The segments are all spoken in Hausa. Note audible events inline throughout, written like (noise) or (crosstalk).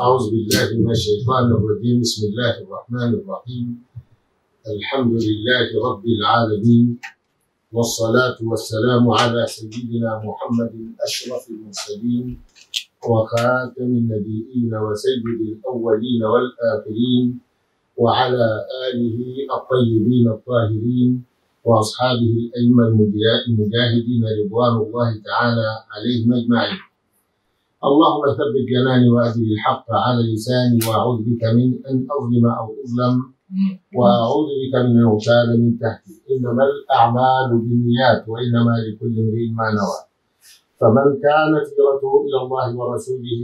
أعوذ بالله من الشيطان الرجيم بسم الله الرحمن الرحيم الحمد لله رب العالمين والصلاة والسلام على سيدنا محمد أشرف المرسلين وخاتم النبيين وسيد الأولين والآخرين وعلى آله الطيبين الطاهرين وأصحابه الأئمة المجاهدين رضوان الله تعالى عليهم أجمعين اللهم ثبت جناني وأدي الحق على لساني وأعوذ بك من أن أظلم أو أظلم وأعوذ بك من أن من تحتي إنما الأعمال بالنيات وإنما لكل امرئ ما نوى فمن كانت هجرته إلى الله ورسوله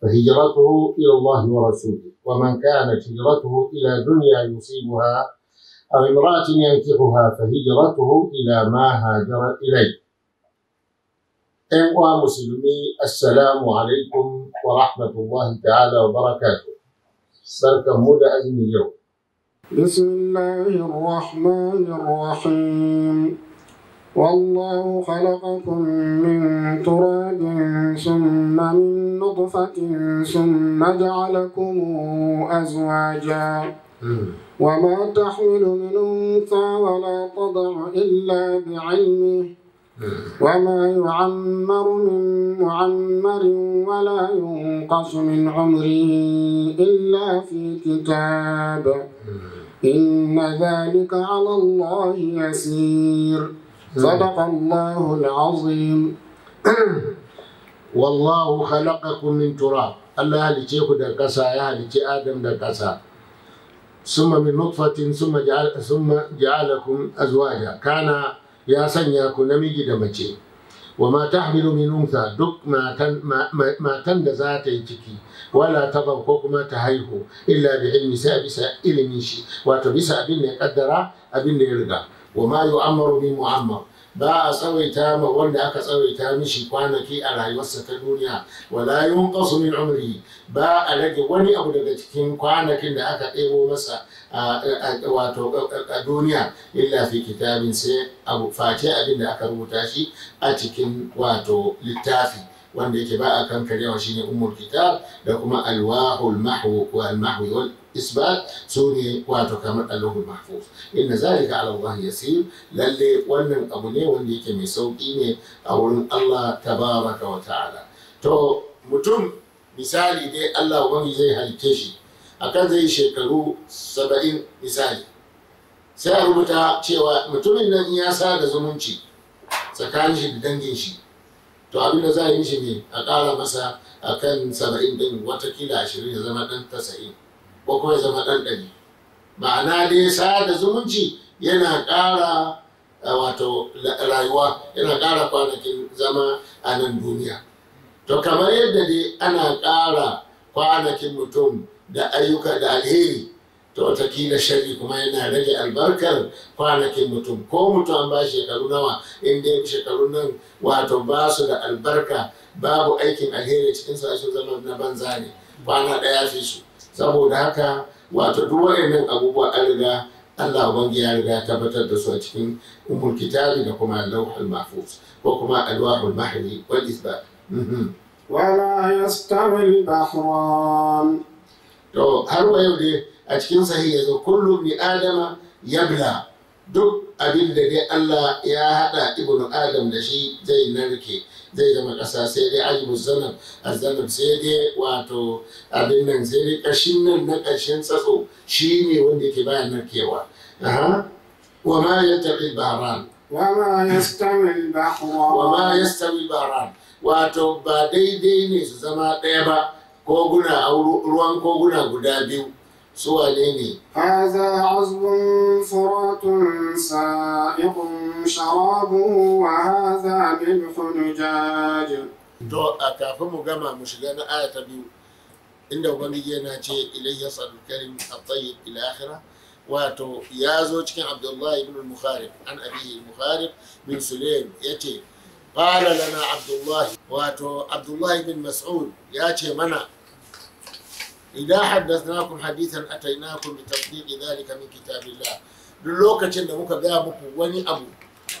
فهجرته إلى الله ورسوله ومن كانت هجرته إلى دنيا يصيبها أو امرأة ينكحها فهجرته إلى ما هاجر إليه أيها مسلمي السلام عليكم ورحمة الله تعالى وبركاته سرك مودة أزمي اليوم بسم الله الرحمن الرحيم والله خلقكم من تراب ثم من نطفة ثم جعلكم أزواجا وما تحمل من أنثى ولا تضع إلا بعلمه وما يعمر من معمر ولا ينقص من عمره إلا في كتاب إن ذلك على الله يسير صدق الله العظيم والله خلقكم من تراب الله لشيخ دكسا يا لشي آدم دكسا ثم من نطفة ثم جعل ثم جعلكم أزواجا كان ya sanya ku namiji da mace wa ta tahmilu min unsa duk matan da za ta yi ciki wala tabar ko kuma ta haihu illa bi ilmi sai bisa ilimin shi wato bisa abin da ya kaddara abin da ya riga wa ma yu'ammaru bi mu'ammar ba a tsawaita ma wanda aka tsawaita mishi kwanaki a rayuwarsa ta duniya wala yunqasu min umri ba a rage wani abu daga cikin kwanakin da aka ɗebo masa wato a duniya illa fi kitabin sai abu face abin da aka rubuta shi a cikin wato littafi wanda yake ba a kankarewa shine ummul kitab da kuma alwahul mahwu wal isbat su ne wato kamar alawul mahfuz yi zalika ala Allah yasir lalle wannan abu ne wanda yake mai sauki ne a wurin Allah tabaraka wa ta'ala to mutum misali dai Allah wani zai halitte shi kan zai shekaru saba'in misali sai a rubuta cewa mutumin nan ya sa da zumunci tsakanin shi da dangin shi to abin da za a yi shi ne a ƙara masa akan saba'in din watakila ashirin ya zama ɗan tasa'in ko kuma ya zama ɗanɗani ma'ana dai da zumunci yana ƙara eh, wato rayuwa yana ƙara kwanakin zama a nan duniya to kamar yadda dai ana ƙara kwanakin mutum da ayyuka da alheri to watakila shari kuma yana rage albarkar kwanakin mutum ko mutum an ba shekaru nawa in ya shekaru nan wato ba su da albarka babu aikin alheri cikin sashen zama na banza ne kwana ɗaya fi su saboda haka wato duk wayannan abubuwa an riga Allah ubangi ya riga tabbatar da su a cikin umul kitabi da kuma lauhul mahfuz ko kuma alwahul mahri wal isbat mhm. wala yastawi al to har wa yau dai a cikin sahih yazo kullu bi adama yabla duk abin da dai Allah ya hada ibnu adam da shi zai narke zai zama ƙasa sai dai aji musamman azanab sai dai wato abin nan sai dai ƙashin nan na ƙarshen tsatso shi ne wanda yake bayan narkewa wa ma yattabi baran wa ma yastawi bahran wa ma yastawi baran wato ba daidai ne su zama ɗaya ba koguna ruwan koguna guda biyu سؤال هذا عذب فرات سائق شرابه وهذا ملح دجاج دو أكاف مجمع مش آية بيو إن دو بني جانا إليه صلى الكريم الطيب إلى آخره واتو يا زوجك عبد الله بن المخارب عن أبيه المخارب من سليم يتي قال لنا عبد الله واتو عبد الله بن مسعود يا تي منا idan haddathnakum hadithan ataynakum bi tasdiqi dhalika min kitabillah duk lokacin da muka gaya muku wani abu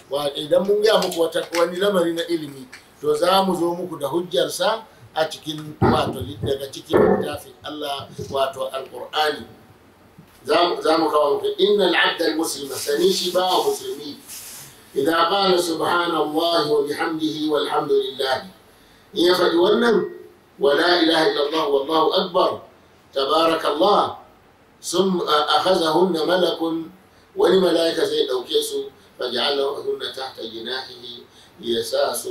wa idan mun gaya muku wata wani lamari na ilimi to za mu zo muku da hujjarsa a cikin wato daga cikin littafin Allah wato alqur'ani za mu kawo muku innal abda almuslima sani shi ba musulmi idan qala subhanallahi wa bihamdihi walhamdulillah in ya faɗi wannan ولا إله إلا الله والله أكبر تبارك الله ثم أخذهن ملك ولملائكة زيد أو كيسو فجعلهن تحت جناحه يساس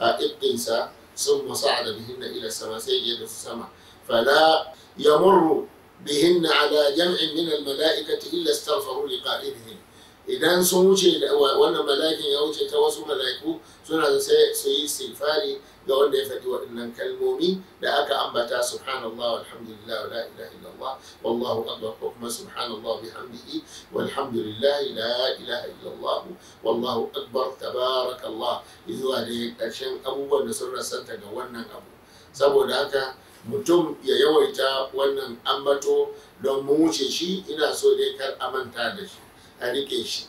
إبقنسا ثم صعد بهن إلى السماء سيجد في السماء فلا يمر بهن على جمع من الملائكة إلا استغفروا لقائدهم إذا سموشي وأن ملائكة يوجد توسو ملائكو سنة سيستغفاري ga wanda ya faɗi waɗannan kalmomi da aka ambata subhanallah walhamdulillah la ilaha illallah wallahu akbar ko kuma subhanallah bihamdihi walhamdulillah la ilaha illallah wallahu akbar tabarakallah zuwa da ƙarshen abubuwan da sun rasanta ga wannan abu saboda haka mutum ya yawaita wannan ambato don mu wuce shi ina so dai kar a manta da shi a rike shi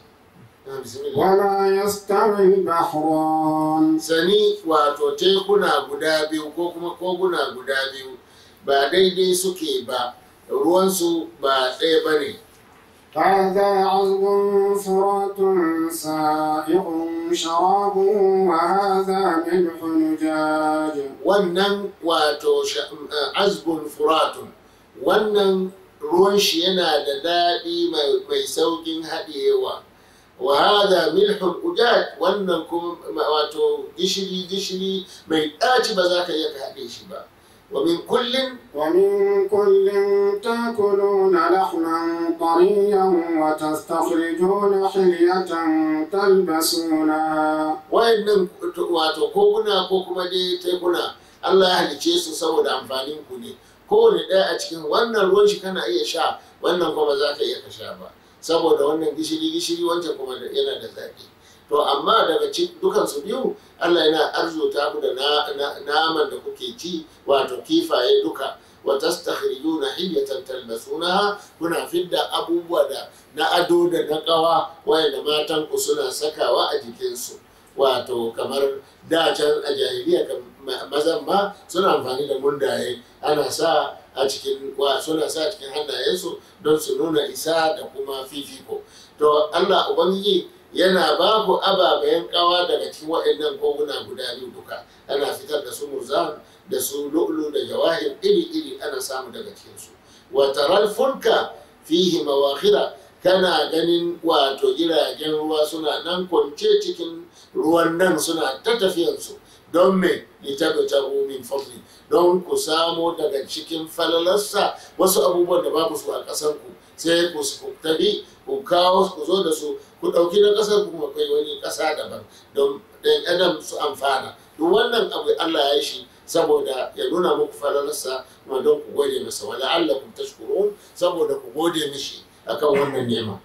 wala yastawi bahron sani wato tekuna guda biyu ko kuma koguna guda biyu ba daidai suke ba ruwansu ba ɗaya ba ne هذا عذب فرات سائغ شرابه وهذا ملح نجاج wannan wato azbun furatun wannan ruwan shi yana da daɗi mai sauƙin haɗiyewa. وهذا ملح الأجاج وأنكم ما gishiri gishiri mai ɗaci ba za ka ومن كل ومن كل تاكلون لحما طريا وتستخرجون حلية تلبسونها وإن واتو كوكنا كوكما دي تيكونا الله أهل جيسو سود أنفانين كوني كوني دا أتكين وانا الوجه كان أي شعب وأنكم كما ذاك أي saboda wannan gishiri gishiri wancan kuma yana da zaƙi to amma daga dukansu biyu Allah yana arzuta ku da naman da kuke ci wato kifaye duka wa tastakhrijuna hiyatan talbasunaha kuna fidda abubuwa da na ado da na kawa wayanda matan ku suna sakawa a jikinsu wato kamar da can a jahiliya mazan ma suna amfani da mundaye ana sa a cikin suna sa cikin hannayensu don su nuna isa da kuma fifiko to allah ubangiji yana ba ku ababen kawa daga cikin waɗannan koguna guda biyu duka ana fitar da su muzan da su lu'lu da jawahir iri-iri ana samu daga cikinsu wa taral fulka fihi mawakhira kana ganin wato jiragen ruwa suna nan kwance cikin ruwan nan suna ta tafiyansu don me litabtagu min fadli don ku samo daga cikin falalarsa wasu abubuwan da babu su a ƙasar ku sai ku tabi ku kawo ku zo da su ku ɗauki na ƙasar ku kai wani ƙasa daban don ɗan adam su amfana duk wannan abu Allah ya yi shi saboda ya nuna muku falalarsa kuma don ku gode masa wala Allah ku tashkurun saboda ku gode mishi akan wannan nema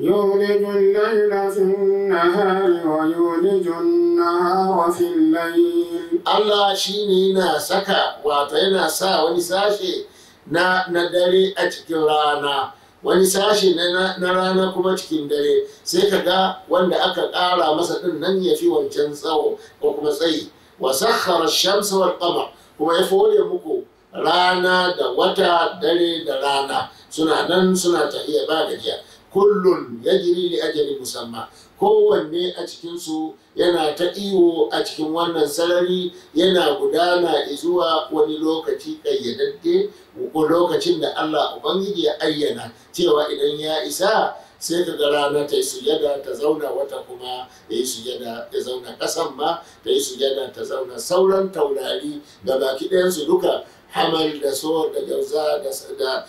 يولج الليل في النهار ويولج النهار في الليل Allah shi ne yana saka wato yana sa wani sashe na, dare a cikin rana wani sashe na, rana kuma cikin dare sai ka ga wanda aka ƙara masa ɗin nan ya fi wancan tsawo ko kuma tsayi wa sakhara shamsa wal qamar kuma ya fore muku rana da wata dare da rana suna nan suna tafiya ba jiya. kullun yajri li ajali musamman. kowanne a cikinsu yana ta iwo a cikin wannan sarari yana gudana zuwa wani lokaci ƙayyadadde lokacin da Allah Ubangiji ya ayyana cewa idan ya isa sai ka ga rana ta yi sujada ta zauna wata kuma ta yi sujada ta zauna ƙasan ma ta yi sujada ta zauna sauran taurari da baki ɗayansu duka hamal da so da yauza da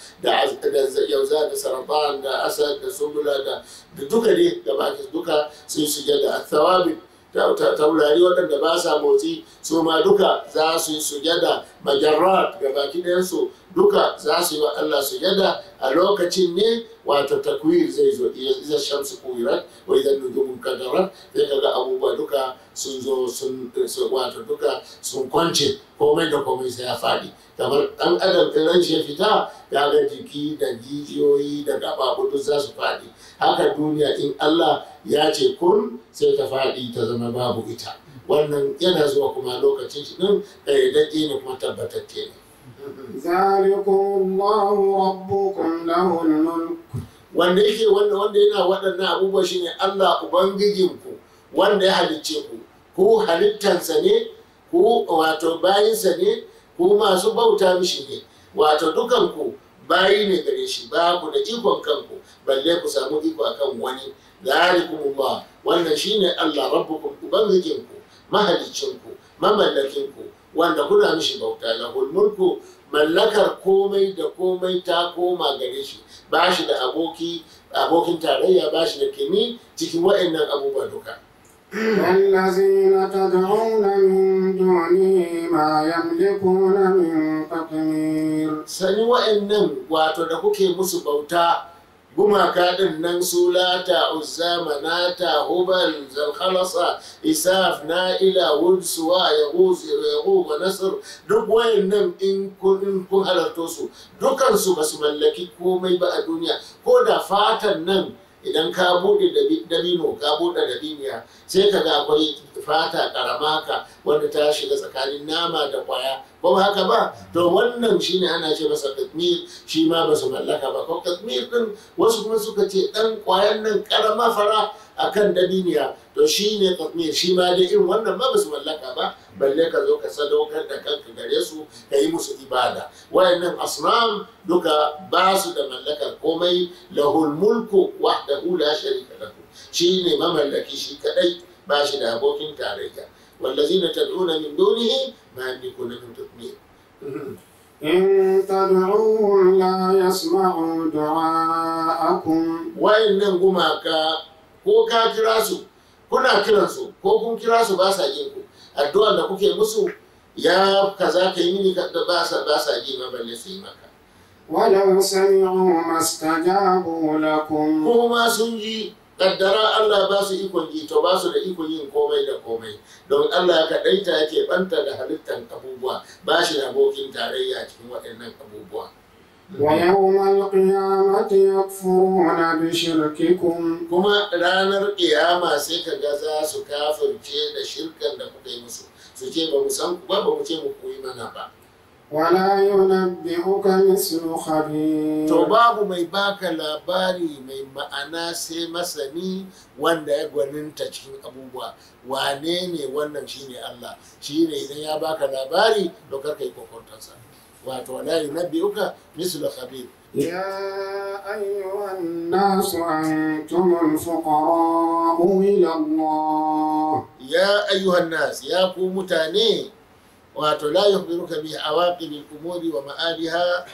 yauza da saraban da asad da subula da duka ne duka sun shiga da athawabi taurari waɗanda ba sa motsi su ma duka za su yi sujada majarrat ga baki ɗayansu duka za su yi wa Allah sujada a lokacin ne wato takwir zai zo idan shamsu kuwirat wa idan nujumun kadarat zai kaga abubuwa duka sun zo sun wato duka sun kwance komai da komai sai ya faɗi kamar ɗan adam ɗin shi ya fita ya ga jiki da jijiyoyi da gaba duk za su faɗi haka duniya in Allah ya ce kun sai ta faɗi ta zama babu ita wannan yana zuwa kuma lokacin shi din ɗaiɗaɗe ne kuma tabbatacce ne wanda yake wanda wanda yana waɗannan abubuwa shi ne Allah ubangijinku wanda ya halicce ku ku halittansa ne ku wato bayinsa ne ku masu bauta mishi ne wato dukanku bayi ne gare shi ba ku da ikon kanku balle ku samu iko akan wani zalikumullah wannan shine Allah rabbukum ubangijinku mahalicinku mamallakinku wanda kuna mishi bauta lahul mulku mallakar komai da komai ta koma gare shi ba shi da aboki abokin tarayya ba shi da kimi cikin waɗannan abubuwa duka والذين تدعون من دونه ما يملكون من قطمير sani wa'annan wato da kuke musu bauta gumaka ɗin nan su lata hubal zalhalasa isaf na'ila wulsuwa ya yahu wa nasir duk wayannan in kun halarto su dukansu ba su mallaki komai ba a duniya ko da fatan nan idan ka buɗe dabino ka buɗe dabiniya sai ka ga akwai fata karama ka wanda ta shiga tsakanin nama da kwaya ba haka ba to wannan shine ana ce masa katmir shi ma ba su mallaka ba ko katmir din wasu kuma suka ce dan kwayan nan karama fara akan dabiniya to shine katmir shi ma dai irin wannan ma ba su mallaka ba balle ka zo ka sadaukar da kanka gare su ka yi musu ibada wayannan asnam duka ba su da mallakar komai lahul mulku wahdahu la sharika lahu ne mamallaki shi kadai ba shi da abokin tarayya wallazina tad'una min dunihi ma yamlikuna min yasma'u du'a'akum Wayannan gumaka ko ka kira su? kuna kiransu ko kun kira su ba sa yin ku addu'an da kuke musu ya kaza ka yi mini da ba sa ba sa ji ba balle su yi maka walau sami'u mastajabu lakum kuma sun ji kaddara Allah ba su ikon ji to ba su da ikon yin komai da komai don Allah kaɗaita yake banta da halittar abubuwa ba shi da abokin tarayya cikin waɗannan abubuwa ويوم القيامة يكفرون بشرككم كما رانا القيامة سيكا غزا سكافر جيدا شركا لكي مسو سجيبا مسانك بابا مجيبا كويمانا با ولا ينبئك مثل خبير to babu mai baka labari mai ma'ana sai masani wanda ya gwaninta cikin abubuwa Wanene ne wannan shine Allah shine idan ya baka labari dokar yi kokontansa wato la yunabbi'uka mislu khabir يا أيها الناس أنتم الفقراء إلى ya يا nasu ya ku mutane wato la ka bi awaqib al-umur wa ma'aliha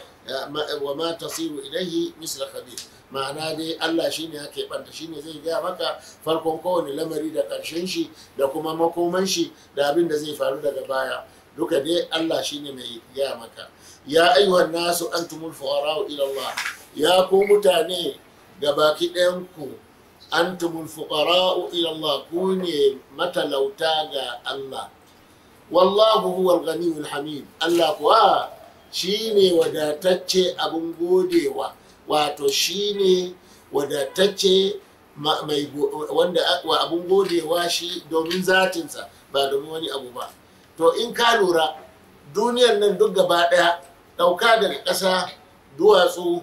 wa ma tasiru ilayhi misla khabir ma'ana dai Allah shine yake banta shine zai gaya maka farkon kowane lamari da karshen shi da kuma makoman shi da abin da zai faru daga baya duka dai Allah shine mai ya maka ya ayyuhan nasu antumul fuqara'u ila Allah ya ku mutane ga baki ɗayan ku antumul fuqara'u ila Allah ku ne matalauta ga Allah wallahu huwal ghaniyyul hamid Allah kuwa shine wadatacce abun godewa wato shine wadatacce mai wanda abun godewa shi domin zatinsa ba domin wani abu ba to in ka lura duniyar nan duk gaba ɗaya ɗauka daga ƙasa duwatsu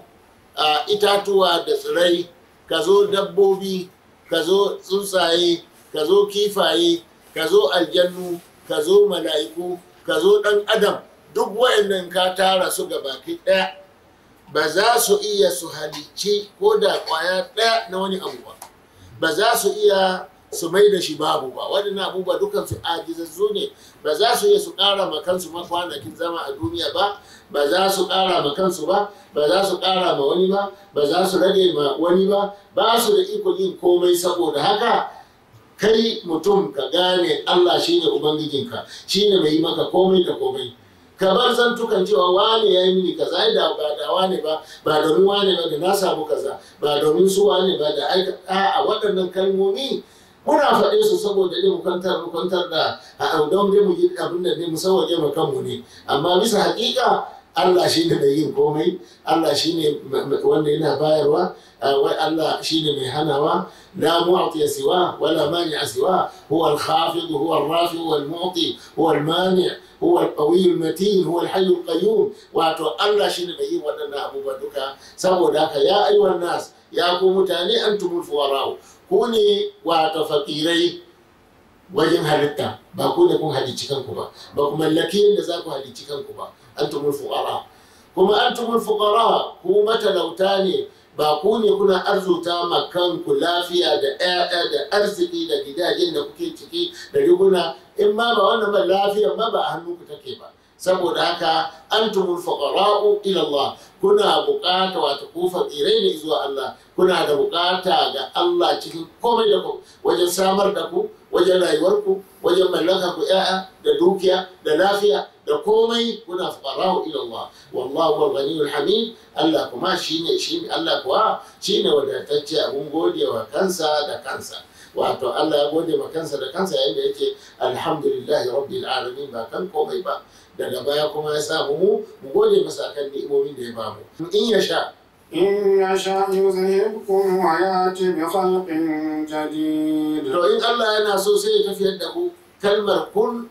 a itatuwa da tsirai ka zo dabbobi ka zo tsuntsaye ka zo kifaye ka zo aljannu ka zo mala'iku ka zo ɗan adam duk wayannan ka tara su gabaki ɗaya ba za su iya su halicci ko da kwaya ɗaya na wani abu ba ba za su iya su mai da shi babu ba waɗannan abubuwa dukan su ajizazzu ne ba za su iya su ƙara ma kansu ma kwanakin zama a duniya ba ba za su ƙara ma kansu ba ba za su ƙara ma wani ba ba za su rage ma wani ba ba su da iko yin komai saboda haka kai mutum ka gane Allah shine ubangijinka shine mai maka komai da komai ka bar zantukan cewa wane ya yi mini kaza da ba da wane ba ba domin wane ba da na samu kaza ba domin su wane ba da aika a waɗannan kalmomi muna faɗe su saboda irin kwantar kwantar da a don dai mu yi abin da ne mu sauwaƙe mu kanmu ne amma bisa haƙiƙa Allah shi ne mai yin komai Allah shi ne wanda yana bayarwa wai Allah shi ne mai hanawa la mu'ti siwa wala mani siwa huwa al-khafid huwa al-rafi huwa al-mu'ti huwa al-mani huwa al-qawi al-matin huwa al-hayy al-qayyum wato Allah shi ne mai yin waɗannan abubuwa duka saboda haka ya ayyuhan nas ya ku mutane antumul fuqara'u ku ne wata fakirai wajen halitta ba ku ne kun halicci kanku ba ba ku mallaki yadda za ku halicci kanku ba an tumul fuqara kuma an tumul fuqara ku matalauta ne ba ku ne kuna arzuta ma kanku lafiya da 'ya'ya da arziki da gidajen da kuke ciki da riguna in ma ba wannan ba lafiyar ma ba a hannunku take ba saboda haka antumul faqara'u ila Allah kuna bukata wato ku fakirai ne zuwa Allah kuna da bukata ga Allah cikin komai da ku wajen samar da ku wajen rayuwar ku wajen mallaka ku ya'a da dukiya da lafiya da komai kuna faqara'u ila Allah wallahu al-ghaniyul hamid Allah kuma shine shi Allah kuwa shine wadatacce abun godewa kansa da kansa wato Allah ya gode ma kansa da kansa yayin da yake alhamdulillahi rabbil alamin ba kan komai ba daga baya kuma ya sa mu mu gode masa kan ni'imomin da ya ba mu in ya sha in ya sha yuzhibkum wa yati bi khalqin jadid to in Allah yana so sai ya tafiyar da ku kalmar kun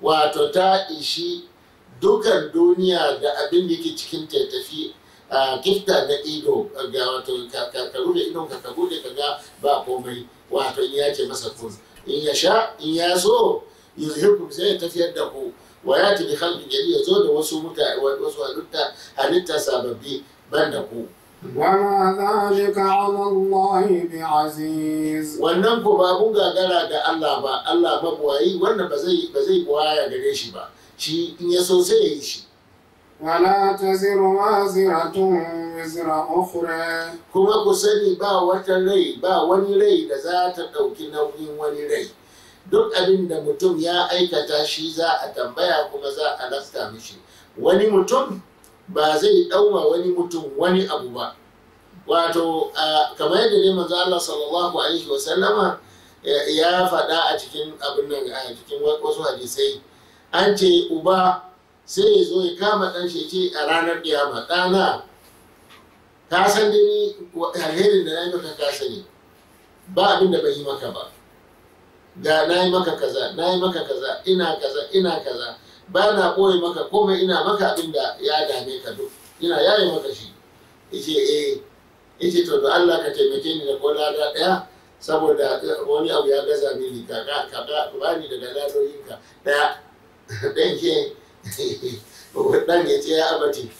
wato ta ishi dukan duniya da abin da yake cikin ta tafi a gifta da ido ga wato kakaru da idon kakaru da kaga ba komai wato in ya ce masa kun in ya sha in ya so yuzhibkum sai ya tafiyar da ku wa ya ta bi halin jari ya zo da wasu mutane wasu halitta halitta sababbi ban da ku. Wama zalika ala Allah bi aziz. Wannan ku ba mun gagara ga Allah ba, Allah ba buwayi wannan ba zai ba zai buwaya gare shi ba. Shi in ya so sai ya yi shi. Wala taziru waziratun zira ukhra. Kuma ku sani ba wata rai ba wani rai da za ta ɗauki nauyin wani rai. duk abin da mutum ya aikata shi za a tambaya kuma za a lasta mishi wani mutum ba zai dauma wani mutum wani abu ba wato kamar yadda ne manzo Allah sallallahu alaihi wa sallama ya faɗa a cikin abin nan a cikin wasu hadisai an ce uba sai ya zo ya kama ɗan shi ce a ranar kiyama ɗana ka san dai ni alherin da na yi maka ka sani ba abin da bai yi maka ba Da na yi maka kaza na yi maka kaza ina kaza ina kaza ba na koyi maka komai ina maka abin da ya dame ka duk ina yi maka shi yace eh yace to da Allah ka taimake ni da kola da daya saboda wani abu ya gaza mini ka ka ka ba ni daga ladoyin ka daya dan (laughs) ke dan (laughs) ya ce ya abati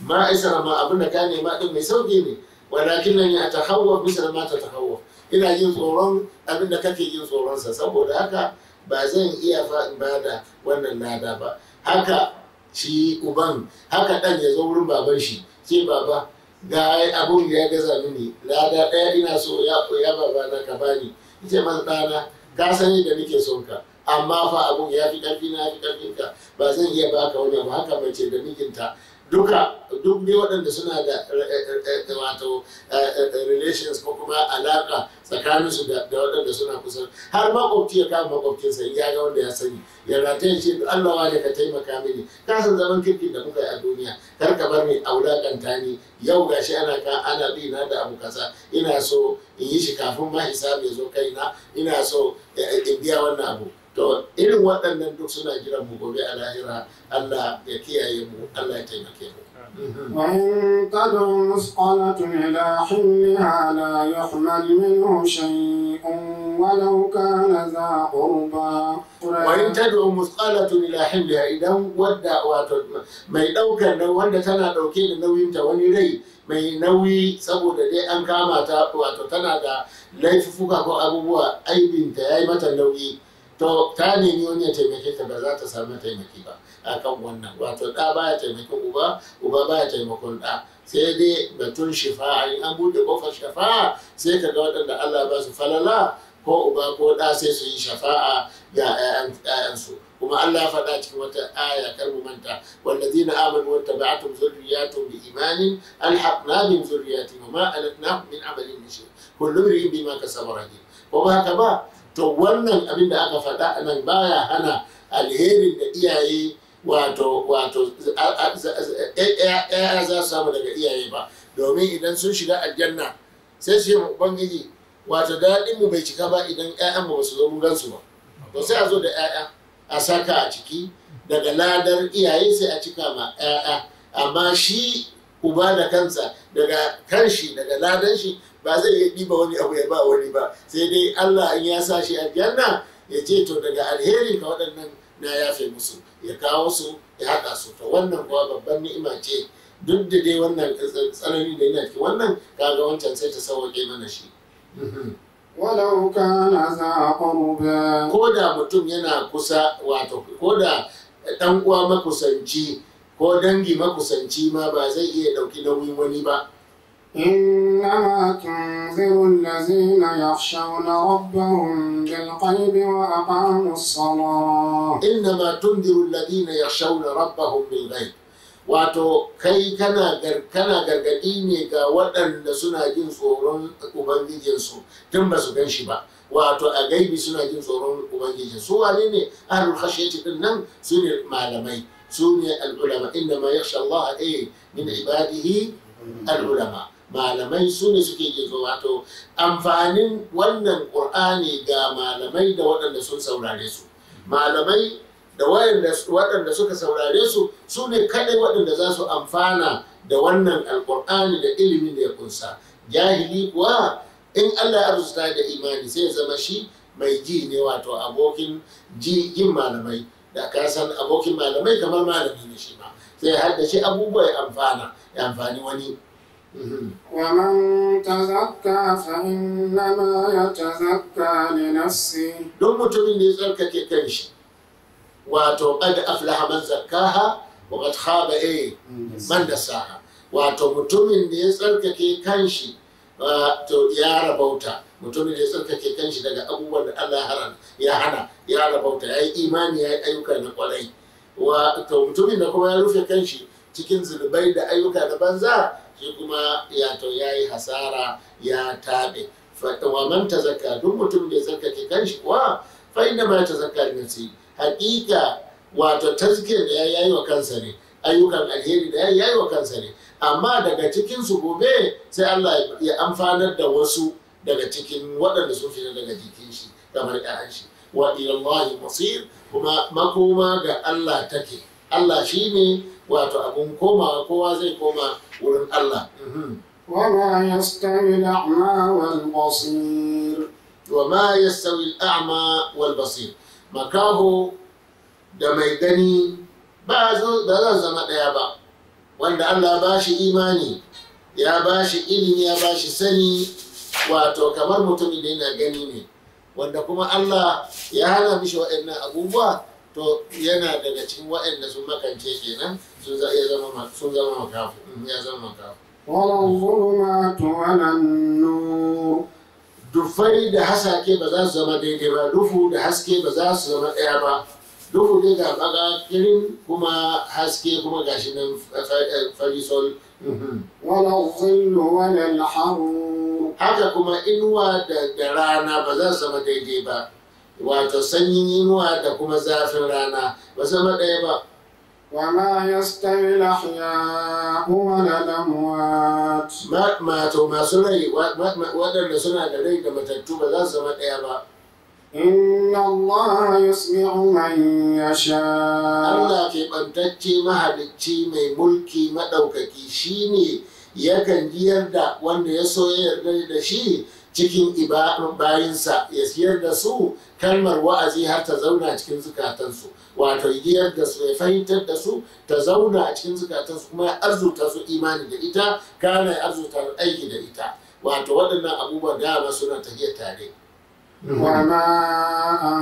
ma isra ma abin da ka nema din mai sauki ne walakin nan ya tahawwa bisa ma ta tahawwa ina yin tsoron abin da kake yin tsoronsa saboda haka ba zan iya ba da wannan nada ba haka shi uban haka ɗan ya zo wurin baban shi ce baba ga abun ya gaza mini lada ɗaya ina so ya koya baba na ka bani ce man ɗana ka sani da nake son ka amma fa abun ya fi ƙarfi na fi karfin ka ba zan iya baka wani ba haka mace da mijinta duka duk ne waɗanda suna da eh, eh, wato eh, relations ko kuma alaƙa tsakaninsu da waɗanda suna kusa har makwabci ya kama makwabcinsa ya ga wanda ya sani ya rata ya ce Allah wa ka taimaka mini ka san zaman kirkin da muka yi a duniya kar ka bar ni a wulaƙanta ni yau gashi ana ka ana bi na da abu kaza ina so in yi shi kafin ma hisabi ya zo kaina ina so in biya wannan abu to irin waɗannan duk suna jira mu gobe a lahira Allah ya kiyaye mu Allah ya taimake mu ومنقد مثقلة إلى حملها لا يحمل منه شيء ولو كان ذا قربى وإن تدعو مثقلة إلى حملها إذا ودع ما يدوكا wanda tana ɗauke da nauyin ta wani rai mai nauyi saboda dai an kama ta wato tana da laifuka ko abubuwa aibinta ya yi mata nauyi to ta nemi wani ya taimake ta ba za ta samu taimaki ba akan wannan wato ɗa baya taimakon uba uba baya taimakon ɗa sai dai batun shifa'a in an buɗe kofar shafa'a sai ka ga waɗanda Allah ba su falala ko uba ko ɗa sai su yi shafa'a ga 'ya'yansu kuma Allah faɗa cikin wata aya kar mu manta wallazina amanu wattaba'atum zurriyyatuhum imanin alhaqna min zurriyyatihim ma alatnahum min amalin min kullu bima kasaba rahim ko ba haka ba to wannan abin da aka faɗa a nan baya hana alherin da iyaye wato wato ya za su samu daga iyaye ba domin idan sun shiga aljanna sai su yi ubangiji wato daɗin mu bai cika ba idan ƴaƴan mu ba su zo wurin su ba to sai a zo da ƴaƴa a saka a ciki daga ladar iyaye sai a cika ma ƴaƴa amma shi uba da kansa daga kanshi daga ladan shi ba zai iya ɗiba wani abu ya ba wani ba sai dai Allah in ya sa shi aljanna ya ce to daga alheri ka waɗannan na yafe musu ya kawo su ya haɗa su to wannan kuwa babban ni'ima ce duk da dai wannan tsanani da yana wannan kaga wancan sai ta sauwaƙe mana shi. walau kana za ko da mutum yana kusa wato ko da dan uwa makusanci ko dangi makusanci ma ba zai iya ɗauki nauyin wani ba إنما تنذر الذين يخشون ربهم بالقلب وأقاموا الصلاة إنما تنذر الذين يخشون ربهم بالغيب wato kai kana kana gargaɗi ne ga waɗanda suna jin tsoron ubangijinsu tun ba su gan shi ba wato a gaibi suna jin tsoron ubangijinsu wane ne ahlul khashiyati cikin nan su ne malamai su al'ulama inda ma yakhsha Allah eh min al'ulama malamai su ne suke ke wato amfanin wannan ƙur'ani ga malamai da waɗanda sun saurare su malamai da waɗanda suka saurare su su ne kaɗai waɗanda za su amfana da wannan alƙur'ani da ilimin da ya kunsa jahili kuwa in allah arzuta da imani sai zama shi mai ji ne wato abokin jin malamai da ka san abokin malamai kamar malamin ne shi ma sai har da shi abubuwa ya amfana ya amfani wani ومن تزكى فإنما يتزكى لنفسه دون متمين يزكى كيكنش واتو قد أفلح من زكاها وقد خاب إيه من دساها واتو متمين يزكى to ya rabauta mutumin da ya tsarkake kanshi daga abubuwan da Allah ya hana ya rabauta ya yi imani ya yi ayyuka na kwarai wa to mutumin da kuma ya rufe kanshi cikin zunubai da ayyuka da banza shi kuma ya to ya yi hasara ya tabe wa man tazakka duk mutumin da ya tsarkake kanshi kuwa fa inda ma tazakka da nasi hakika wato tazkiyar da ya yi wa kansa ne ayyukan alheri da ya yi wa kansa ne amma daga cikinsu gobe sai Allah ya amfanar da wasu daga cikin waɗanda sun fita daga jikin shi kamar ƴaƴan shi wa ilallahi masir kuma makoma ga Allah take Allah shi ne wato abun koma kowa zai koma wurin Allah وما يستوي الأعمى Wama وما يستوي الأعمى makaho da mai gani ba za zama ɗaya ba wanda Allah ba shi imani ya ba shi ilimi ya ba shi sani wato kamar mutumin da yana gani ne wanda kuma Allah ya hana mishi waɗannan abubuwa to yana daga cikin waɗanda sun makance kenan sun zama sun zama makafu mm, ya zama makafu walzulumatu dufai da hasake ba za su zama daidai ba dufu da haske ba za su zama ɗaya ba Duk ne ga baka kirin kuma haske kuma gashi nan eh, farisol mhm. wala zillu wala laharu haka kuma inuwa da rana ba za su zama daidai ba wato sanyin inuwa da kuma zafin rana ba zama ɗaya ba lahya, وما يستوي masu rai الأموات suna da rai da matattu ba za su متكتوبة لازم ba. إن الله يسمع من يشاء Allah ke bantacce mahalicci mai mulki maɗaukaki shine yakan jiyar da wanda ya so ya yarda da shi cikin bayinsa ya siyar da su kalmar wa'azi har ta zauna cikin zukatansu wato jiyar da su ya fahimtar da su ta zauna a cikin zukatansu kuma ya arzuta su imani da ita kana ya arzuta aiki da ita wato waɗannan abubuwan dama suna tafiya tare وما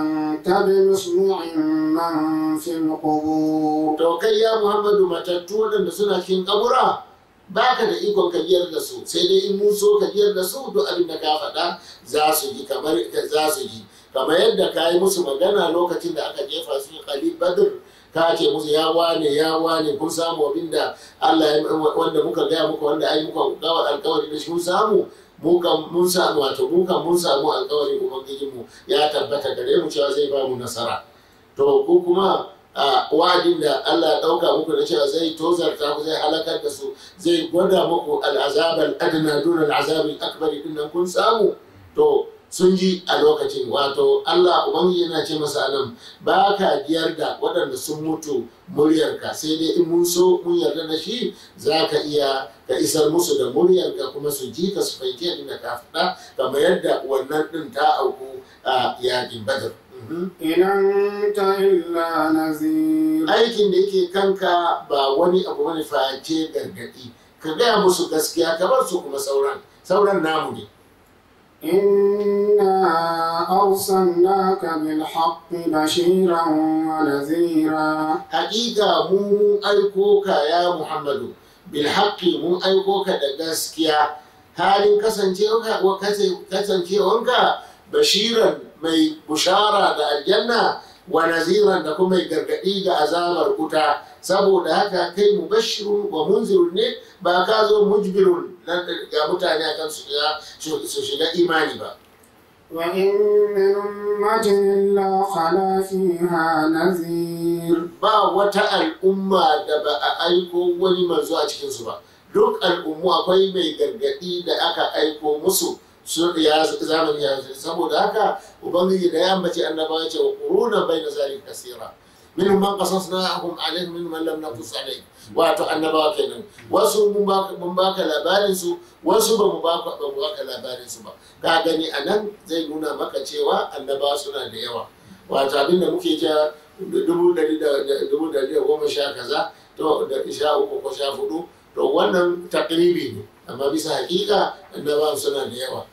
أنت بمصنوع من في القبور توكل يا محمد ما تتوى da suna cikin kabura baka da ikon ka jiyar da su sai dai in mun so ka jiyar da su duk abin da ka faɗa za su ji kamar yadda ka yi musu magana lokacin da aka jefa su Khalid Badr ka ce musu ya wane kun samu abin da Allah wanda muka gaya muku wanda ai muka gawar alkawari da shi kun samu mukan mun samu wato mukan mun samu alkawari ubangijinmu ya tabbata gare mu cewa zai ba mu nasara to ku kuma a wa'adin da Allah ɗauka muku na cewa zai tozarta ku zai halakar da su zai gwada muku al'azabal adna dun al'azabil akbar din kun samu to sun ji a lokacin wato Allah wani yana ce masa nan, ba ka biyar da waɗanda sun mutu muryarka sai dai in mun so mun yarda na shi za ka iya ka isar musu da muryarka kuma su ji ka su fahimci yadda ka faɗa kamar yadda wannan ɗin ta auku a yakin badar. Mhm. Idan ta illa nazir. Aikin da yake kanka ba wani abu bane face gargaɗi. Ka gaya musu gaskiya ka bar su kuma sauran. Sauran namu ne. إنا أرسلناك بالحق بشيرا ونذيرا حقيقة مو أيكوك يا محمد بالحق da أيكوك دقاسكيا halin kasancewarka ko kasancewarka bashiran mai bushara da aljanna wa Nazira da kuma gargaɗi ga azabar wuta saboda haka kai mu bashiru wa munzirun ne ba ka zo mujbirun nan ga mutane a kansu da su shiga imani ba وإن من أمة إلا خلا فيها نذير با وتا الأمة دبا أيكو وني منزو أتكين سبا duk al'ummu akwai mai gargaɗi da aka aiko musu sun ya zamani ya saboda haka ubangiji da ya ambaci annabawa ya ce wa quruna bayna zalika kasira minhum man qasasna ahum alaihim man wato annabawa kenan wasu mun baka labarin su wasu ba mu baka labarin su ba ka gani a nan zai nuna maka cewa annabawa suna da yawa wato abin da muke ja dubu dari da goma sha kaza to da sha uku ko sha hudu to wannan takribi ne amma bisa hakika annabawa suna da yawa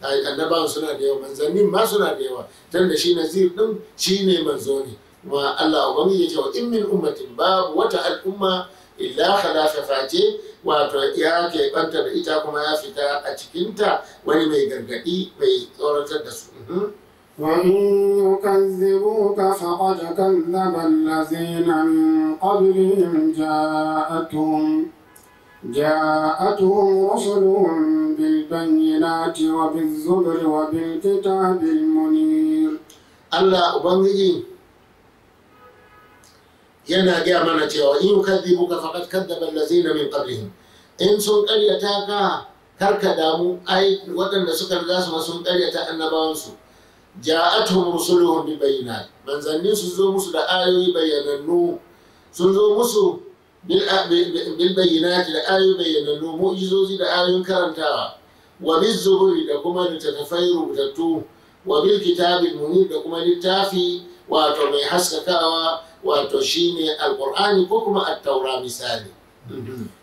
Annabawa suna da yawa manzannin ma suna da yawa tunda shi nazir din shi ne manzo ne kuma Allah ubangiji ya ce wa in min ummatin babu wata al'umma illa khala face wato ya keɓanta da ita kuma ya fita a cikinta wani mai gargaɗi mai tsoratar da su وإن يكذبوك فقد كذب الذين من قبلهم جاءتهم جاءتهم رسلهم بالبينات وبالزبر وبالكتاب المنير الله أبنجي yana gaya mana cewa in faɗa kadda ballazi na min qablihim in sun karyata ka kar damu ai waɗanda suka riga su sun karyata annabawansu ja'atuhum rusuluhum bil bayyinat manzannin su zo musu da ayoyi bayyanannu sun zo musu bil bayyinat da ayoyi bayyanannu mu'jizozi da ayoyin karantawa wa bil zuhuri da kuma littattafai rubutattu wa bil kitabil munir da kuma littafi wato mai haskakawa wato shine alqur'ani ko kuma at-taura misali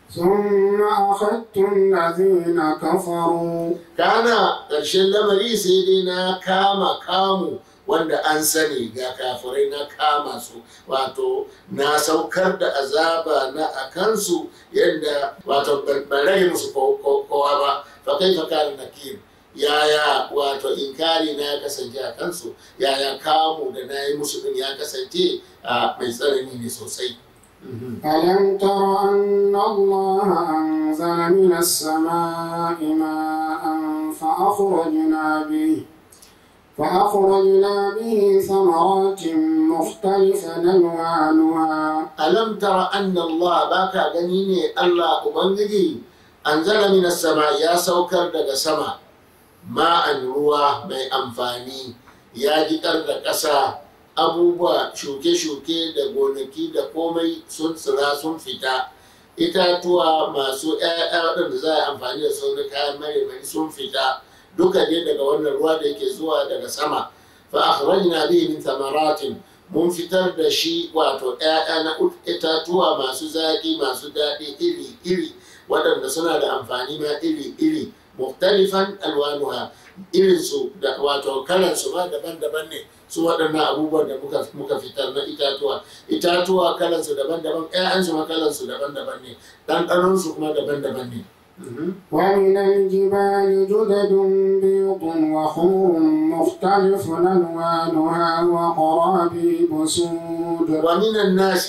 ثم أخذت الذين كفروا كان ƙarshen lamari sai dai na kama kamu wanda an sani ga kafirai na kama su wato na saukar da azaba na a kansu yadda wato ban rage kowa ba fa kai fa kana nakir yaya wato inkari na ya kasance a kansu yaya kamu da na yi musu din ya kasance mai tsanani ne sosai ألم تر أن الله أنزل من السماء ماء فأخرجنا به فأخرجنا به ثمرات مختلفة ألوانها ألم تر أن الله باكا جنيني الله أبنجي أنزل من السماء يا سوكر دق سماء ma'an ruwa mai amfani ya jiƙar da ƙasa abubuwa shuke-shuke da gonaki da komai sun tsira sun fita itatuwa masu ‘ya'ya waɗanda za a amfani da su kayan marmari sun fita duka ne daga wannan ruwa da yake zuwa daga sama fa akhrajna bihi min thamaratin mun fitar da shi wato ‘ya'ya na itatuwa masu zaƙi masu daɗi iri-iri waɗanda suna da amfani ma iri-iri muktalifan alwanuha irin su da wato kalan su ma daban-daban ne su waɗannan abubuwan da muka muka fitar na itatuwa itatuwa kalan su daban-daban ƴaƴan su ma kalan su daban-daban ne ɗanɗanon su kuma daban-daban ne mhm. ومن الجبال جدد بيض وحور مختلف ألوانها وقرابيب سود ومن الناس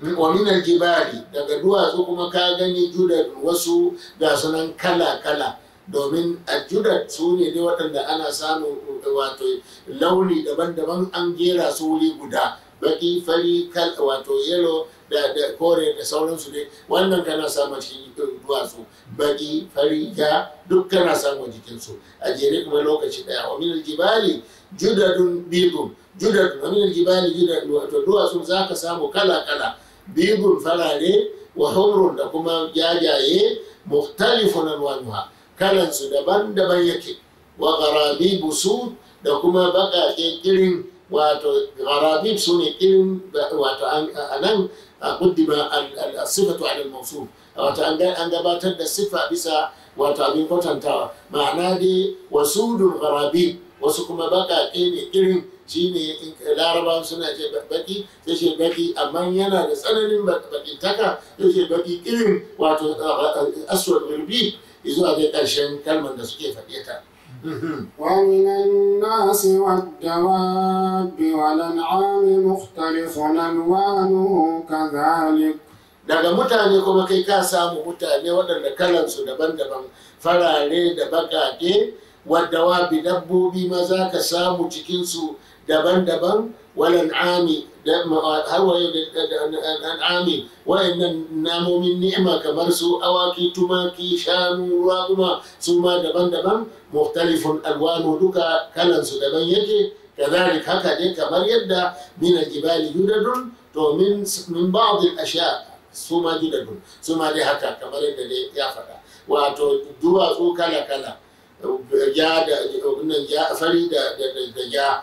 waminan jibali daga duwatsu kuma ka gani judar wasu ga sunan kala-kala domin ajudat su ne dai waɗanda ana samun wato launi daban-daban an gera su wuri guda baki fari kal wato yellow da da kore da sauransu ne wannan kana samun cikin eh, duwatsu baki fari ja duk kana samu jikinsu a jere kuma lokaci daya wa min aljibali judadun bidum judadun wa min aljibali judadun wato duwatsu zaka samu kala kala bidum farare wa humrun da kuma jajaye mukhtalifun alwanuha kalansu daban-daban yake wa garabib busu da kuma baƙaƙe kirin wato garabib su ne irin wato a nan a kuddima sifatu alal mawsul wato an gabatar da sifa bisa wato abin kwatantawa ma'ana dai wasu wasudul garabib wasu kuma baƙaƙe ne kirin shi ne laraba suna ce baƙi sai ce baƙi amma yana da tsananin baƙintaka sai ce baƙi kirin wato aswad birbi zuwa dai ƙarshen kalmar da suke faɗe ta ومن الناس والدواب والأنعام مختلف ألوانه كذلك daga mutane kuma kai ka samu mutane waɗanda kalansu daban-daban farare da baƙaƙe wadda wabi dabbobi maza ka samu cikinsu daban-daban walal'ami da hawaye da al'ami wa'in nan namomin ni'ima kamar su awaki tumaki shanu ruwa kuma su ma daban-daban muftalifun alwano duka kalansu daban yake ka zari haka ne kamar yadda mina jibali yudadun to min ba'udin ashiya su ma yudadun su dai haka kamar yadda ne ya fada wato duwatsu kala-kala ya da ya fari da ya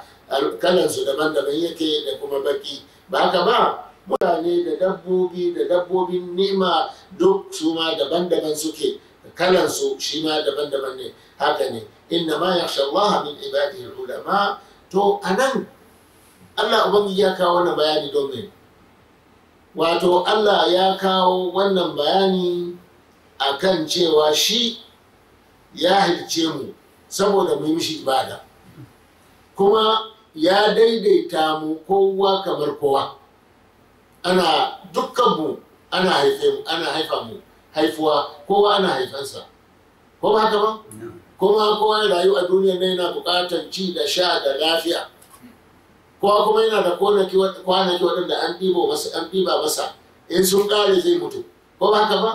kalan su daban-daban yake da kuma baki ba haka ba mutane da dabbobi da dabbobin nima duk su ma daban-daban suke Kalansu su shi ma daban-daban ne haka ne inna ma ya Allah min ibadihi ulama to anan Allah ubangiji ya kawo wannan bayani domin wato Allah ya kawo wannan bayani akan cewa shi ya halice mu saboda mu yi mishi ibada kuma ya daidaita mu kowa kamar kowa ana dukkan mu ana haife mu ana haifa mu haifuwa kowa ana haifansa ko ba haka ba kuma kowa ya rayu a duniya na yana bukatar ci da sha da lafiya kowa kuma yana da kwanaki waɗanda an dibo masa an diba masa in sun kare zai mutu ko ba haka ba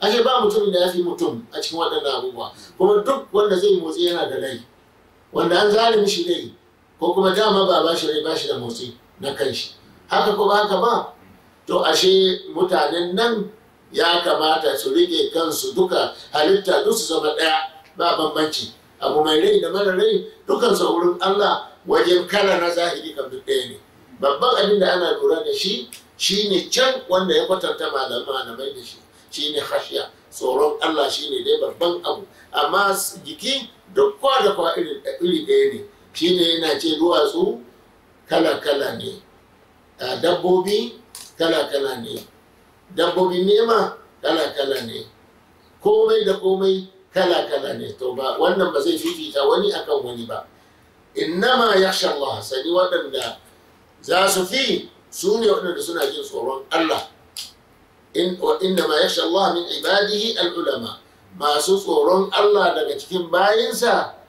ashe ba mutum da ya fi mutum a cikin waɗannan abubuwa kuma duk wanda zai motsi yana da rai wanda an zalimi shi ne ko kuma dama ba ba shi ba shi da motsi na shi. haka kuma haka ba to ashe mutanen nan ya kamata su rike kansu duka halitta duk su zama ɗaya ba bambanci abu mai rai da mara rai dukansa wurin Allah wajen kala na zahiri kan duk ɗaya ne babban abin da ana lura da shi shine can wanda ya kwatanta malamai da shi shine hashiya tsoron Allah shine dai babban abu amma jiki da kwa da kwa iri ɗaya ne shine yana ce duwatsu kala-kala ne dabbobi kala-kala ne dabbobin nema kala-kala ne komai da komai kala-kala ne to ba wannan ba zai fifita wani akan wani ba innama ya Allah sani waɗanda za su fi su ne waɗanda suna jin tsoron Allah innama ya Allah min ibadihi al'ulama masu tsoron Allah daga cikin bayinsa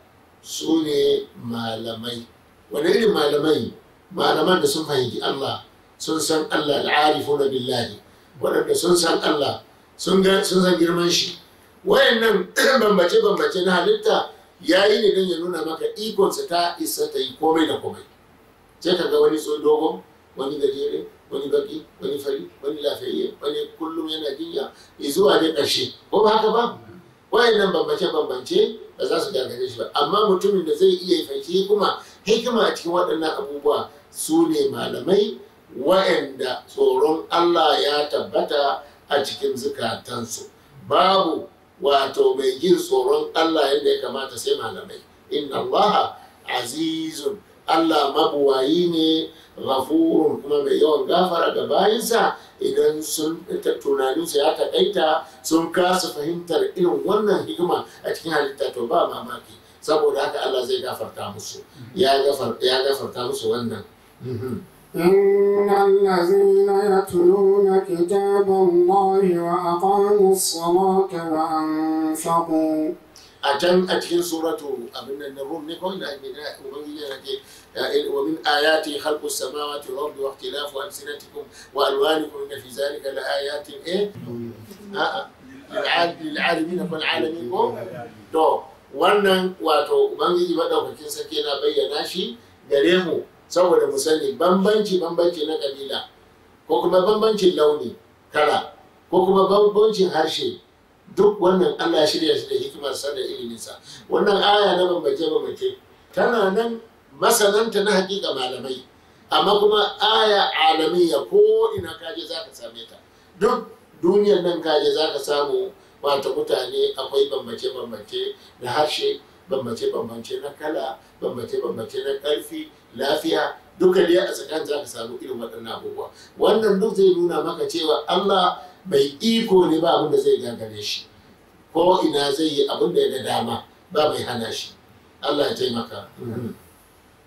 su ne malamai wani irin malamai malaman da sun fahimci Allah sun san Allah al'arifu na billahi waɗanda sun san Allah sun san girman shi wayannan (clears throat) bambace-bambace na halitta ya yi ne don ya nuna maka ikonsa ta isa ta yi komai da komai sai ka ga wani dogon wani gajere wani baki wani fari wani lafiyayye wani kullum yana jinya zuwa da ƙarshe ko ba haka ba wayannan bambace bambance ba za su dangane shi ba amma mutumin da zai iya fanki kuma hikima a cikin waɗannan abubuwa su ne malamai wa'anda tsoron Allah ya tabbata a cikin zukatansu babu wato mai jin tsoron Allah yadda ya kamata sai malamai inna Allah azizun Allah mabuwayi ne ghafurun kuma mai yawan gafara da bayansa idan sun tunaninsu ya takaita sun kasa fahimtar irin wannan hikima a cikin halitta to ba mamaki saboda haka Allah zai gafarta musu ya gafarta musu wannan إن الذين يتلون كتاب الله وأقاموا الصلاة وأنفقوا a can a cikin suratu abin nan na rum ne kawai da ake da ubangiji yana ce wa min ayati khalqu samawati wal ardi wa ikhtilafu alsinatikum wa alwanikum inna fi zalika la ayatin eh a'a lil alamin fal ko to wannan wato ubangiji madaukakin sarki yana bayyana shi gare mu saboda mu sani bambanci bambanci na kabila ko kuma bambancin launi kala ko kuma bambancin harshe duk wannan Allah shirya shi da hikimarsa da iliminsa wannan aya na bambance bambance tana nan masananta na hakika malamai amma kuma aya alamiya ko ina kaje za ka same ta duk duniyar nan kaje za ka samu wata mutane akwai bambance bambance da harshe bambance-bambance na kala bambance-bambance na ƙarfi lafiya duka dai a tsakanin za ka samu irin waɗannan abubuwa wannan duk zai nuna maka cewa allah bai iko ne ba abin da zai gangare shi ko ina zai yi abin da ya da dama ba mai hana shi allah ya taimaka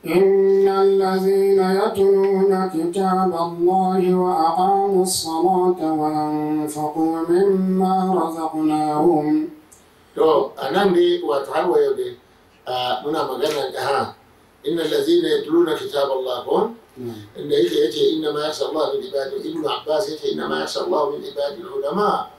إن الذين يتلون كتاب الله وأقاموا الصلاة وأنفقوا مما رزقناهم to anan dai wata har wa yau dai muna magana da ha inna allazina yatluna kitaballah ko inda yake yace inna ma yasha Allah min ibadi ibnu abbas yace inna ma yasha Allah min ibadi ulama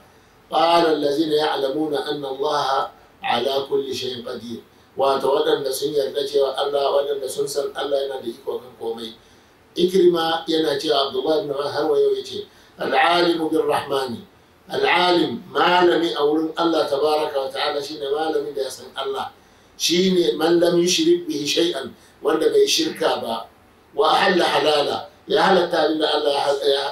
qala allazina ya'lamuna anna allaha ala kulli shay'in qadir wa wato waɗanda sun yarda cewa Allah waɗanda sun san Allah yana da iko kan komai ikrima yana cewa abdullahi ibn har yau yace al-alimu bir rahmani العالم ما مالمي او الله تبارك وتعالى شين ما لم يسن الله شين من لم يشرك به شيئا ولا بيشرك با واحل حلالا يا هل التابين الله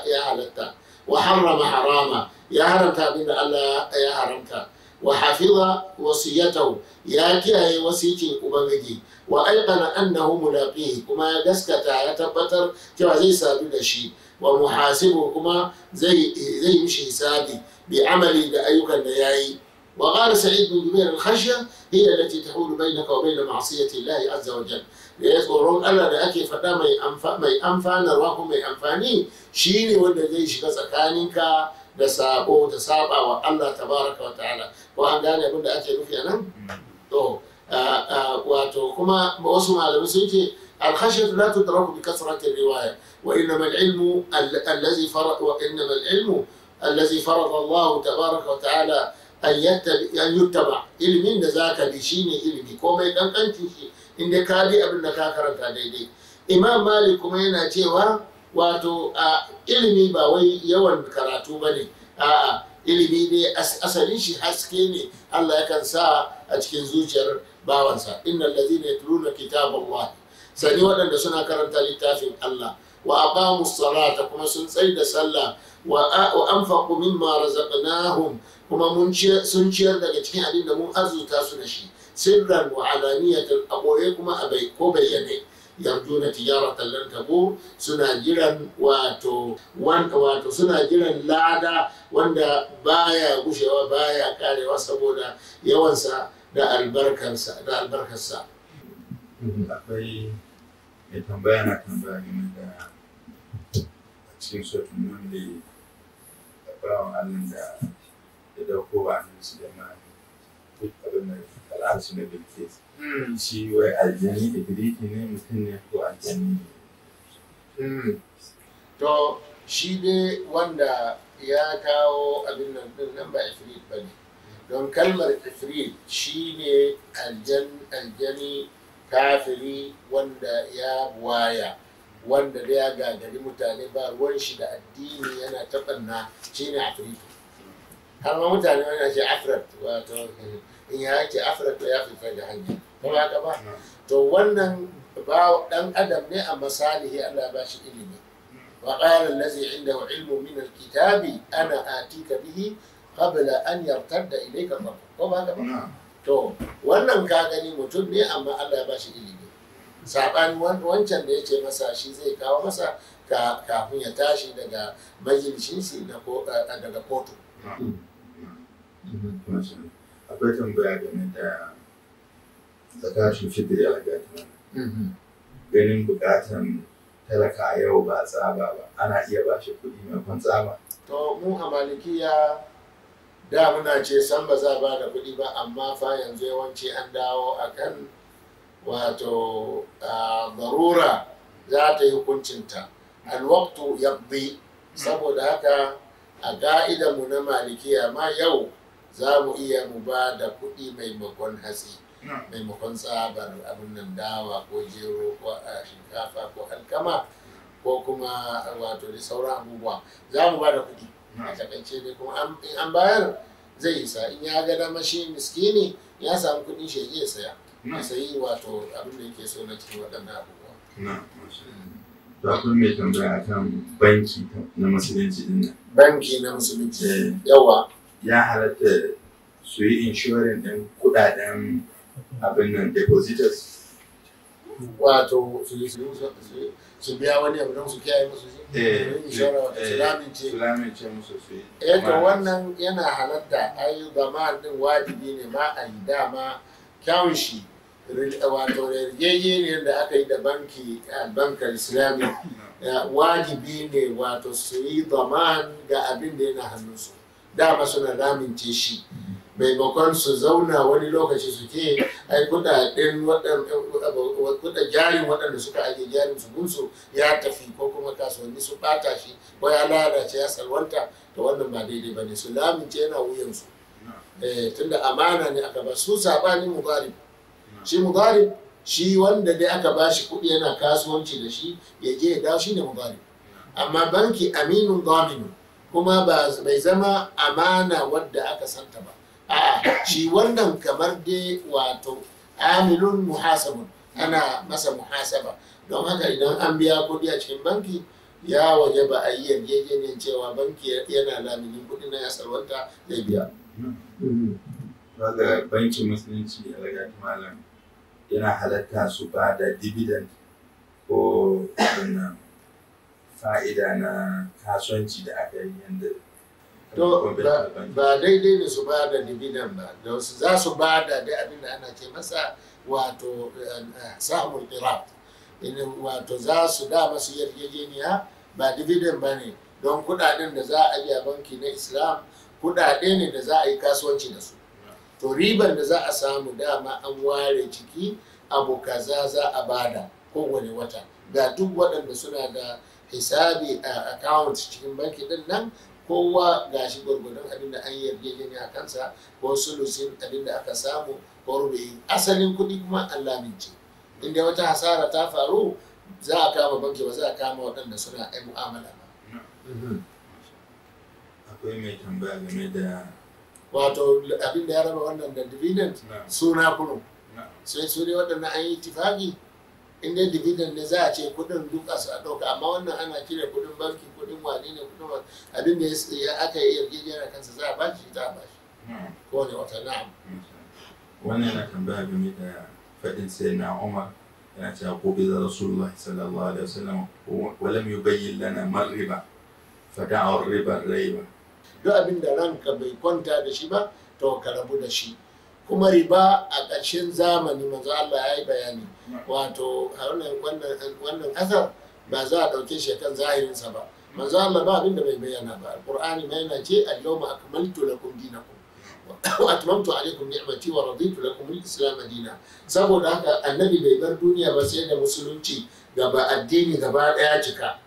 يا هل التا وحرم حراما يا هل التابين الله يا حرمتا وحفظ وصيته يا كي وصيتي وبنجي وايقن انه ملاقيه وما يدسك تا يتبتر كما زي سابيل الشيء wa muhasibu kuma zai zai mishi hisabi bi amali da ayyukan da yayi وقال سعيد بن جبير الخشية هي التي تحول بينك وبين معصية الله عز وجل ليذكرون ألا لأكي فدا مي أنفا مي أنفا نرواكم مي أنفاني شيني ولا زي شكا سكانك نسابو تسابع والله تبارك وتعالى وأن دان يقول لأكي نفي أنا تو واتو كما وصم على مسيتي الخشب لا تدرك بكثره الروايه وانما العلم الذي فرض وانما العلم الذي فرض الله تبارك وتعالى ان يتبع ان يتبع علم ذاك بشين علمي كما ان انت ان كالي ابن نكاكر دايدي امام مالك كما ينا واتو wato ilimi ba wai yawan karatu bane a a ilimi ne asalin زوجر haske ne Allah yakan sa a cikin sani waɗanda suna karanta littafin Allah wa aqamu salata kuma sun tsai da sallah wa anfaqu mimma kuma sun ciyar daga cikin abin da mun arzuta su da shi sirran wa ta' a kuma a bai ko bayyane na tijaratan tallan tabo suna jiran wato wato suna jiran lada wanda baya gushewa baya karewa saboda yawansa da albarkarsa ya eh, tambaya na tambaya game da a cikin sautin wanda da bawan allon da ya dauko ba a nan su da ma duk abin da al'arsu na bilkis hmm. shi wai aljani da giriki ne mutum ne ko aljani ne hmm. to shi dai wanda ya kawo abin nan din nan ba ifrit ba ne don kalmar ifrit shi ne aljani kafiri wanda ya waya wanda da ya gagari mutane ba ruwan shi da addini yana taɓanna shi ne afirka har ma mutane wani ce afirat wato in ya ce afirat to ya fai da hanya kuma haka ba to wannan ba dan adam ne a masalihi Allah ba shi ilimi wa qala inda wa ilmu min alkitabi ana atika bihi qabla an yartadda ilayka ko ba haka ba to wannan ka gani mutum ne amma Allah ya bashi ilimi saɓanin wancan da ya ce masa shi zai kawo masa kafin ya tashi daga na daga kotu akwai tambaya game da zakashin fitir ya gata mhm. ganin bukatan talaka yau ba tsaba ba ana iya bashi kuɗi mai maimakon tsaba to mu a malikiya da muna ce san ba za ba da kuɗi ba amma fa yanzu yawanci an dawo akan wato barura za ta yi hukuncinta alwaktu yaqdi saboda haka a mu na malikiya ma yau za mu iya mu ba da kuɗi maimakon hatsi maimakon tsabar abin nan dawa ko jero ko shinkafa ko alkama ko kuma wato da sauran abubuwa za mu ba da kuɗi a takaice dai kuma in an bayar zai isa in ya ga dama shi miskini ya samu kuɗin shi ya saya ya sayi wato abin da yake so na cikin waɗannan abubuwa to akwai mai tambaya akan banki na musulunci din nan banki na musulunci eh. yawa ya halatta su yi inshorin ɗin kuɗaɗen abin nan depositors wato su yi su biya wani abu don su kiyaye musu sulamince eh, eh, musu su yi eh, wannan yana halatta ayi gama din wajibi ne ma a yi dama kyawun shi wato ne da aka yi da banki bankar islami (laughs) wajibi ne wato su yi zaman ga abin da yana hannunsu dama suna lamince shi maimakon su zauna wani lokaci su ce ai kudaden kuɗa jarin waɗanda suka ake jarin su gunsu ya tafi ko kuma kasuwanni su ɓata shi ko ya lalace ya salwanta to wannan ba daidai ba ne su lamince yana wuyansu eh, tunda amana ne aka ba su saɓanin mugarib shi mugarib shi wanda dai aka ba shi kuɗi yana kasuwanci da shi ya je ya dawo shi ne mugarib amma banki aminu gaminu kuma bai zama amana wadda aka santa ba a (coughs) shi wannan kamar dai wato amilun muhasabun ana masa muhasaba don haka idan an biya kuɗi a cikin banki ya waje ba a yi yarjejeniyar cewa banki yana laminin kuɗi na ya wata zai biya. Wanda hmm. bankin musulunci ya raga malam yana halatta su ba da dividend ko fa'ida na kasuwanci da aka yi yanda to ba daidai ne su ba da dividend ba da za su ba da da abin da ana ce masa wato eh, eh, samun qirat wato za su da masu yarjejeniya ba dividend ba ne don kudaden da za a yi banki na islam kudade ne da za a yi kasuwanci da su to ribar da za a samu dama an ware ciki abu kaza za a bada kowane wata ga duk waɗanda suna da hisabi a account cikin banki din nan kowa gashi gwargwadon abin da an yarjejeniya a kansa ko sulusin abin da aka samu ko rubi asalin kuɗi kuma Allah ce inda wata hasara ta faru za a kama banki ba za a kama waɗanda suna ai mu'amala ba mm-hmm. akwai mai tambaya game da wato abin da ya raba wannan da dividend suna kurum sai su ne waɗannan an yi tifagi in dai dividend ne za a ce kudin duk a ɗauka amma wannan ana kira kudin banki kudin wani ne kudin abin da ya aka yi yarjejeniya kansa za a bashi za a bashi ne wata na'am wannan yana tambaya game da faɗin sai na umar yana cewa ko bi da rasulullah sallallahu alaihi wasallam walam yubayyin lana mar riba fada'a riba raiba duk abin da ranka bai kwanta da shi ba to ka rabu da shi kuma riba a ƙarshen zamani manzo Allah ya yi bayani wato wannan ƙasar ba za a ɗauke shi kan zahirinsa ba manzo Allah ba abinda bai bayyana ba alƙur'ani mai yana ce al-yawma akmaltu lakum dinakum wa atmamtu alaykum ni'mati wa raditu lakum al-islam dina saboda haka annabi bai bar duniya ba sai da musulunci gaba addini gaba ɗaya cika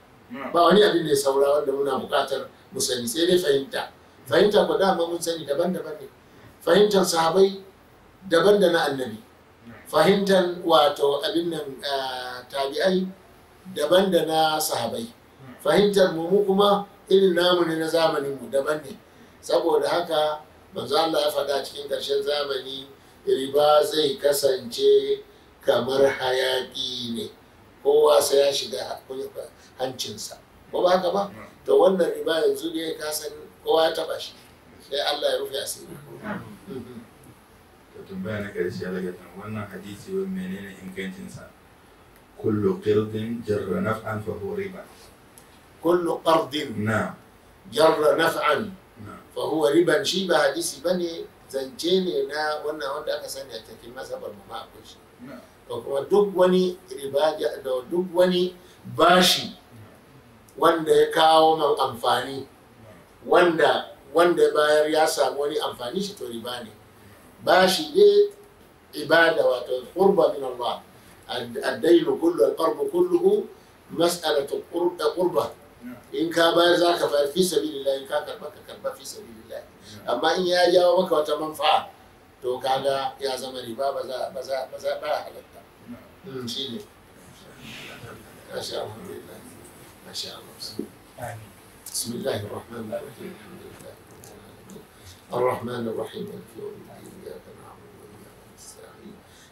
ba wani abin da ya saura wanda muna buƙatar mu sani sai dai fahimta fahimta ku dama mun sani daban-daban ne fahimtar sahabai daban da na annabi fahimtar wato abin nan tabi'ai daban da na sahabai fahimtar mu kuma irin namu ne na zamanin mu daban ne saboda haka manzo Allah ya faɗa cikin ƙarshen zamani riba zai kasance kamar hayaƙi ne kowa sai ya shiga hancinsa ba ba haka ba to wannan riba yanzu ne ka san kowa ya taɓa shi sai Allah ya rufe asiri tambaya na ƙarshe karshe alaga wannan hadisi wani menene ingancinsa kullu qirdin jarra naf'an fa huwa riba kullu qardin na jarra naf'an fa huwa riban shi ba hadisi bane zance ne na wannan wanda aka sani a cikin masabar mu ba akwai shi to kuma duk wani riba da duk wani bashi wanda ya kawo mai amfani wanda wanda bayar ya samu wani amfani shi to riba ne باش دي عبادة والقربة من الله الدين كله القرب كله مسألة القرب قربة نعم. إن كان ذاك في سبيل الله إن كان كربك كرب في سبيل الله نعم. أما إن يا جاء مك وتمنفعة تو كذا يا زمري بابا بزا بزا بزا با حلقة نعم. شيء ما شاء الله ما شاء الله بسم الله الرحمن الرحيم الحمد لله الرحمن الرحيم